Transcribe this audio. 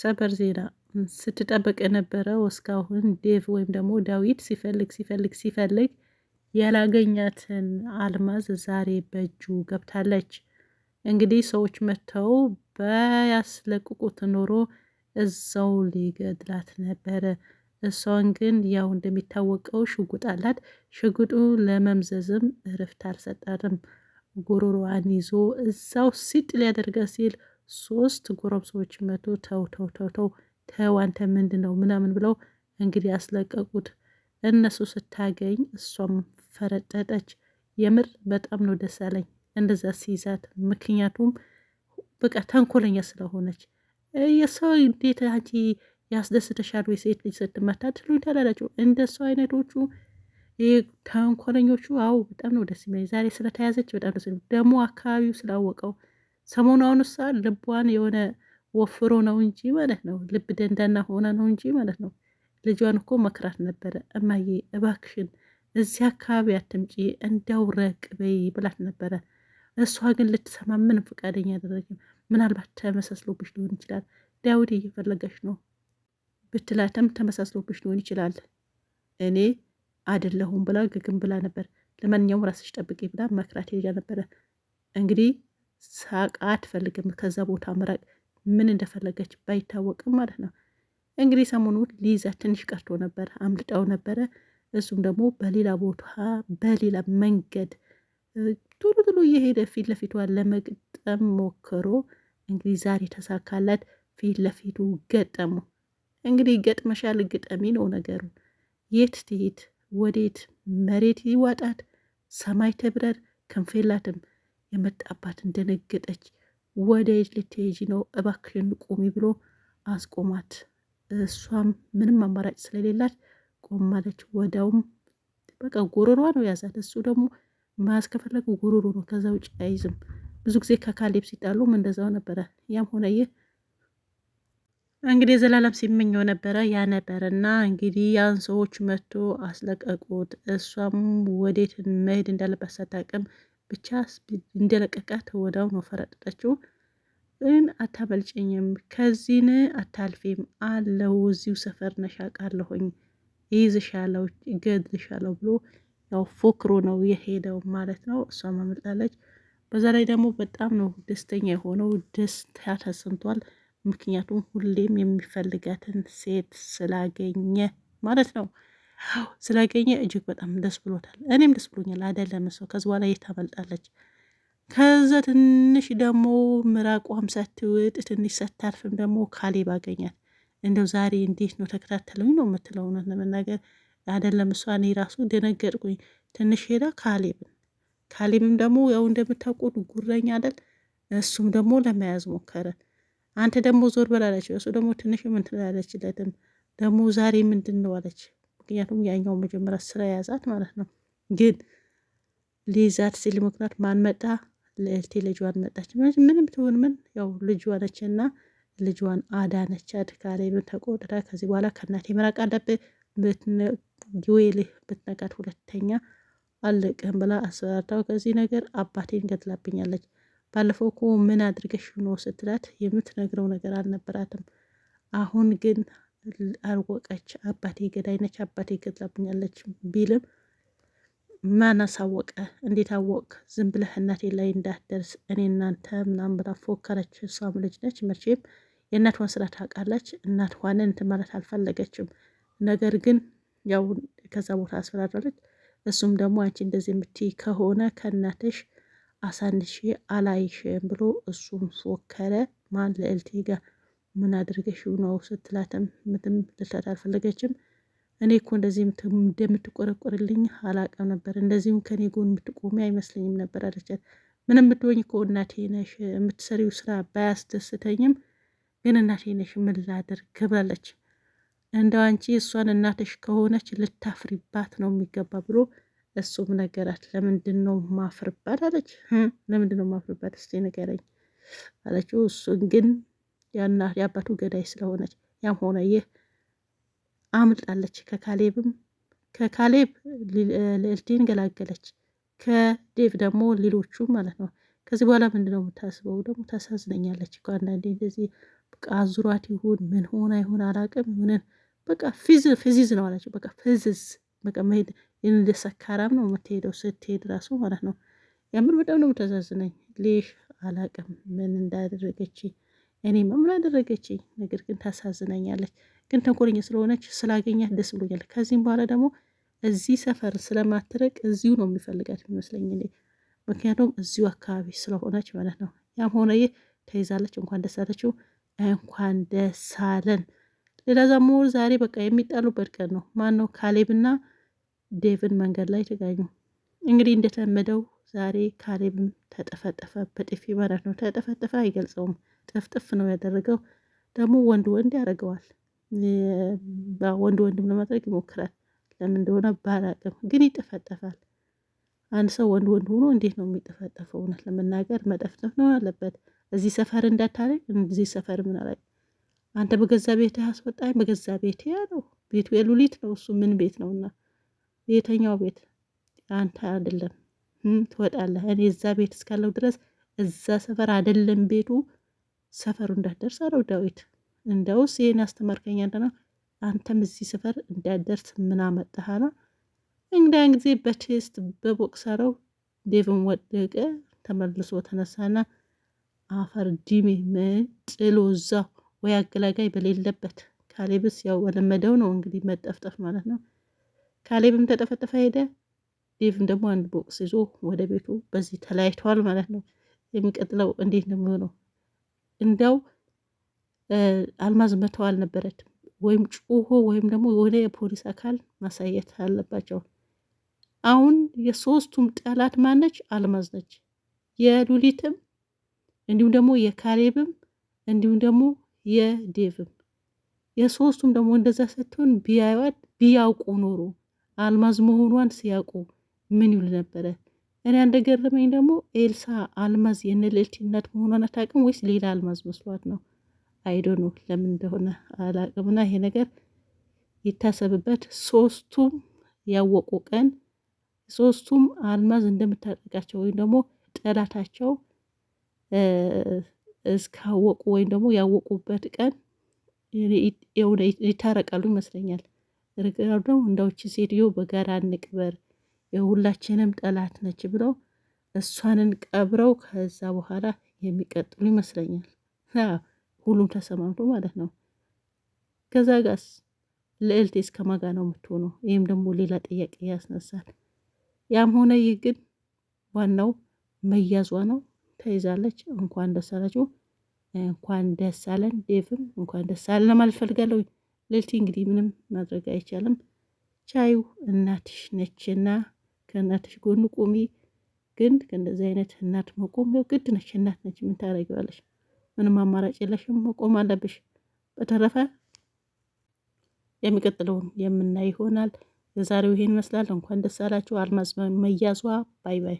ሰበር ዜና ስትጠበቅ የነበረው እስካሁን ዴቭ ወይም ደግሞ ዳዊት ሲፈልግ ሲፈልግ ሲፈልግ ያላገኛትን አልማዝ ዛሬ በእጁ ገብታለች። እንግዲህ ሰዎች መጥተው በያስለቅቁት ኖሮ እዛው ሊገድላት ነበረ። እሷን ግን ያው እንደሚታወቀው ሽጉጥ አላት። ሽጉጡ ለመምዘዝም እረፍት አልሰጠርም። ጉሮሯን ይዞ እዛው ሲጥ ሊያደርገ ሲል ሶስት ጎረምሶች መቶ ተው ተው ተው ተው ተው አንተ ምንድን ነው ምናምን ብለው እንግዲህ አስለቀቁት። እነሱ ስታገኝ እሷም ፈረጠጠች። የምር በጣም ነው ደስ አለኝ እንደዛ ሲይዛት፣ ምክንያቱም በቃ ተንኮለኛ ስለሆነች የሰው እንዴት አንቺ ያስደስተሻል ወይ ሴት ልጅ ስትመታ ትሉኝ እንደ ሰው አይነቶቹ ተንኮለኞቹ አው በጣም ነው ደስ የሚለኝ። ዛሬ ስለተያዘች በጣም ደስ ደግሞ አካባቢው ስላወቀው ሰሞኑን ሳ ልቧን የሆነ ወፍሮ ነው እንጂ ማለት ነው። ልብ ደንዳና ሆና ነው እንጂ ማለት ነው። ልጇን እኮ መክራት ነበረ። እማዬ እባክሽን እዚህ አካባቢ አትምጪ እንዲያው ረቅ በይ ብላት ነበረ። እሷ ግን ልትሰማ ምን ፈቃደኛ አደረግም። ምናልባት ተመሳስሎብሽ ሊሆን ይችላል ዳውድ እየፈለገሽ ነው ብትላትም ተመሳስሎብሽ ሊሆን ይችላል እኔ አይደለሁም ብላ ግግም ብላ ነበር። ለማንኛውም ራስሽ ጠብቂ ብላ መክራት ሄጃ ነበረ እንግዲህ ሳቅ አትፈልግም ከዛ ቦታ መራቅ ምን እንደፈለገች ባይታወቅም ማለት ነው። እንግዲህ ሰሞኑ ሊይዛ ትንሽ ቀርቶ ነበር፣ አምልጣው ነበረ። እሱም ደግሞ በሌላ ቦታ በሌላ መንገድ ቶሎ ቶሎ እየሄደ ፊት ለፊቷ ለመግጠም ሞክሮ እንግዲህ ዛሬ ተሳካላት። ፊት ለፊቱ ገጠሙ። እንግዲህ ገጥመሻል፣ ግጠሚ ነው ነገሩ። የት ትሂድ? ወዴት? መሬት ይዋጣት፣ ሰማይ ትብረር፣ ክንፌላትም የመጣባትን ደነገጠች። ወደ የት ልትሄጂ ነው? እባክሽን ቁሚ ብሎ አስቆማት። እሷም ምንም አማራጭ ስለሌላት ቆማለች። ወዲያውም በቃ ጉሮሯ ነው ያዛት። እሱ ደግሞ መያዝ ከፈለገ ነው፣ ከዛ ውጭ አይዝም። ብዙ ጊዜ ከካሌብ ሲጣሉም እንደዛው ነበረ። ያም ሆነ ይህ እንግዲህ የዘላለም ሲመኘው ነበረ ያ ነበረ እና እንግዲህ ያን ሰዎች መጥቶ አስለቀቁት። እሷም ወዴት መሄድ እንዳለባት ሳታቅም ብቻ እንደለቀቃት ወዳው ነው ፈረጠጠችው። ግን አታመልጨኝም፣ ከዚህን አታልፊም አለው። እዚሁ ሰፈር ነሻቃለሁኝ ይይዝሻለው፣ እገድልሻለው ብሎ ያው ፎክሮ ነው የሄደው ማለት ነው። እሷ አመልጣለች። በዛ ላይ ደግሞ በጣም ነው ደስተኛ የሆነው፣ ደስታ ተሰምቷል። ምክንያቱም ሁሌም የሚፈልጋትን ሴት ስላገኘ ማለት ነው። ስላገኘ እጅግ በጣም ደስ ብሎታል። እኔም ደስ ብሎኛል። አይደለም ሰው ከዚ በኋላ የት ታመልጣለች? ከዛ ትንሽ ደግሞ ምራቋም ሰትውጥ ትንሽ ሰታርፍም ደግሞ ካሌብ አገኛት። እንደው ዛሬ እንዴት ነው ተከታተሉኝ ነው የምትለው። እውነት ለመናገር አይደለም እሷ እኔ ራሱ ደነገጥኩኝ። ትንሽ ሄዳ ካሌብን ካሌብም ደግሞ ያው እንደምታውቁት ጉረኛ አይደል? እሱም ደግሞ ለመያዝ ሞከረ። አንተ ደግሞ ዞር በላለች። እሱ ደግሞ ትንሽ ምንትላለችለትም ደግሞ ዛሬ ምንድን ነው አለች ምክንያቱም ያኛው መጀመሪያ ስለያዛት ማለት ነው። ግን ሊይዛት ሲል ምክንያት ማን መጣ? ልዕልቴ ልጇን መጣች። ምንም ትሆን ምን ያው ልጇ ነች ነችና ልጇን አዳነች። አድካሌብን ተቆጥታ ከዚህ በኋላ ከእናቴ መራቅ አለብህ ጊዌልህ ብትነቃት ሁለተኛ አልቅህም ብላ አስፈራርታው ከዚህ ነገር አባቴን ገድላብኛለች። ባለፈው እኮ ምን አድርገሽ ኖ ስትላት የምትነግረው ነገር አልነበራትም። አሁን ግን አልወቀች አባቴ ገዳይ ነች፣ አባቴ ገድላብኛለች ቢልም ማን አሳወቀ? እንዴት አወቅ? ዝም ብለህ እናቴ ላይ እንዳትደርስ እኔ እናንተ ምናምን ብላ ፎከረች። እሷም ልጅ ነች መቼም የእናትዋን ስራ ታውቃለች። እናትዋን እንትን ማለት አልፈለገችም። ነገር ግን ያው ከዛ ቦታ አስፈራራለች። እሱም ደግሞ አንቺ እንደዚህ የምትይ ከሆነ ከእናትሽ አሳንሼ አላይሽም ብሎ እሱም ፎከረ ማን ልዕልቴ ጋር ምን አድርገሽው ነው ስትላትም ምትም ልታት አልፈለገችም። እኔ እኮ እንደዚህ እንደምትቆረቆርልኝ አላቅም ነበር፣ እንደዚሁም ከኔ ጎን የምትቆሚ አይመስለኝም ነበር አለቻት። ምን የምትወኝ እኮ እናቴ ነሽ፣ የምትሰሪው ስራ ባያስደስተኝም ግን እናቴ ነሽ፣ ምን ላድርግ ብላለች። እንደው አንቺ እሷን እናትሽ ከሆነች ልታፍሪባት ነው የሚገባ ብሎ እሱም ነገራት። ለምንድን ነው ማፍርባት አለች። ለምንድን ነው ማፍርባት እስቲ ንገረኝ አለችው። እሱን ግን ያና የአባቱ ገዳይ ስለሆነች ያም ሆነ ይህ አምልጣለች። ከካሌብም ከካሌብ ልዕልቴን ገላገለች። ከዴቭ ደግሞ ሌሎቹ ማለት ነው። ከዚህ በኋላ ነው የምታስበው? ደግሞ ታሳዝነኛለች አንዳንዴ እንደዚህ በቃ አዙሯት ይሁን ምን ሆና ይሁን አላቅም ይሁንን በቃ ፊዝ ፊዚዝ ነው አላቸው። በቃ ፊዝዝ በቃ መሄድ እንደ ሰካራም ነው የምትሄደው ስትሄድ ራሱ ማለት ነው። የምር በጣም ነው የምታሳዝነኝ። ሌሽ አላቅም ምን እንዳደረገች እኔማ ምን አደረገችኝ? ነገር ግን ታሳዝነኛለች። ግን ተንኮለኛ ስለሆነች ስላገኛት ደስ ብሎኛል። ከዚህም በኋላ ደግሞ እዚህ ሰፈር ስለማትረቅ እዚሁ ነው የሚፈልጋት የሚመስለኝ እኔ ምክንያቱም እዚሁ አካባቢ ስለሆነች ማለት ነው። ያም ሆነ ይህ ተይዛለች። እንኳን ደስ አለችው፣ እንኳን ደስ አለን። ሌላ ዛሞ ዛሬ በቃ የሚጣሉበት ቀን ነው። ማን ነው? ካሌብና ዴቭን መንገድ ላይ ተገኙ። እንግዲህ እንደተለመደው ዛሬ ካሌብም ተጠፈጠፈ በጥፊ ማለት ነው። ተጠፈጠፈ አይገልጸውም ጥፍጥፍ ነው ያደረገው። ደግሞ ወንድ ወንድ ያደርገዋል። ወንድ ወንድም ለማድረግ ይሞክራል። ለምን እንደሆነ ባላቅም ግን ይጠፈጠፋል። አንድ ሰው ወንድ ወንድ ሆኖ እንዴት ነው የሚጠፈጠፈው? እውነት ለመናገር መጠፍጠፍ ነው ያለበት። እዚህ ሰፈር እንዳታለኝ፣ እዚህ ሰፈር ምን አላኝ። አንተ በገዛ ቤት አስወጣኝ፣ በገዛ ቤት ያለው ቤቱ የሉሊት ነው። እሱ ምን ቤት ነውና የተኛው ቤት አንተ አይደለም ትወጣለህ። እኔ እዛ ቤት እስካለው ድረስ እዛ ሰፈር አይደለም ቤቱ ሰፈሩ እንዳትደርስ አለው ዳዊት። እንደውስ ይህን ያስተማርከኝ አንተ አንተም እዚህ ሰፈር እንዳትደርስ ምን አመጣህና? እንግዳን ጊዜ በቴስት በቦክስ አለው። ዴቭን ወደቀ፣ ተመልሶ ተነሳና አፈር ዲሜ መጭሎ እዛው ወይ አገላጋይ በሌለበት ካሌብስ ያው ወለመደው ነው እንግዲህ መጠፍጠፍ ማለት ነው። ካሌብም ተጠፈጠፈ ሄደ። ዴቭም ደግሞ አንድ ቦክስ ይዞ ወደ ቤቱ በዚህ ተለያይተዋል ማለት ነው። የሚቀጥለው እንዴት ነው የሚሆነው? እንዲያው አልማዝ መተው አልነበረትም። ወይም ጩሆ ወይም ደግሞ የሆነ የፖሊስ አካል ማሳየት አለባቸው። አሁን የሶስቱም ጠላት ማነች? አልማዝ ነች። የሉሊትም እንዲሁም ደግሞ የካሌብም እንዲሁም ደግሞ የዴቭም የሶስቱም ደግሞ እንደዛ ስትሆን ቢያዩዋት ቢያውቁ ኖሮ አልማዝ መሆኗን ሲያውቁ ምን ይውል ነበረ? እኔ አንድ ገረመኝ ደግሞ ኤልሳ አልማዝ የእነ ልዕልት መሆኗን አታውቅም ወይስ ሌላ አልማዝ መስሏት ነው? አይዶኖ ለምን እንደሆነ አላቅምና ይሄ ነገር ይታሰብበት። ሶስቱም ያወቁ ቀን ሶስቱም አልማዝ እንደምታጠቃቸው ወይም ደግሞ ጠላታቸው እስካወቁ ወይም ደግሞ ያወቁበት ቀን ይታረቃሉ ይመስለኛል። ርግራ እንዳውች ሴትዮ በጋራ እንቅበር የሁላችንም ጠላት ነች ብለው እሷንን ቀብረው ከዛ በኋላ የሚቀጥሉ ይመስለኛል። ሁሉም ተሰማምቶ ማለት ነው። ከዛ ጋስ ልዕልት እስከ ማጋ ነው የምትሆነው? ይህም ደግሞ ሌላ ጥያቄ ያስነሳል። ያም ሆነ ይህ ግን ዋናው መያዟ ነው። ተይዛለች። እንኳን ደስ አላችሁ፣ እንኳን ደስ አለን። ዴቭም እንኳን ደስ አለን ለማለት ፈልጋለሁ። እንግዲህ ምንም ማድረግ አይቻልም። ቻዩ እናትሽ ነችና ከእናትሽ ጎን ቁሚ። ግን ከእንደዚህ አይነት እናት መቆም ያው ግድ ነች። እናት ነች፣ ምን ታደርጊዋለሽ? ምንም አማራጭ የለሽም፣ መቆም አለብሽ። በተረፈ የሚቀጥለውን የምናይ ይሆናል። የዛሬው ይሄን ይመስላል። እንኳን ደስ አላችሁ አልማዝ መያዟ። ባይ ባይ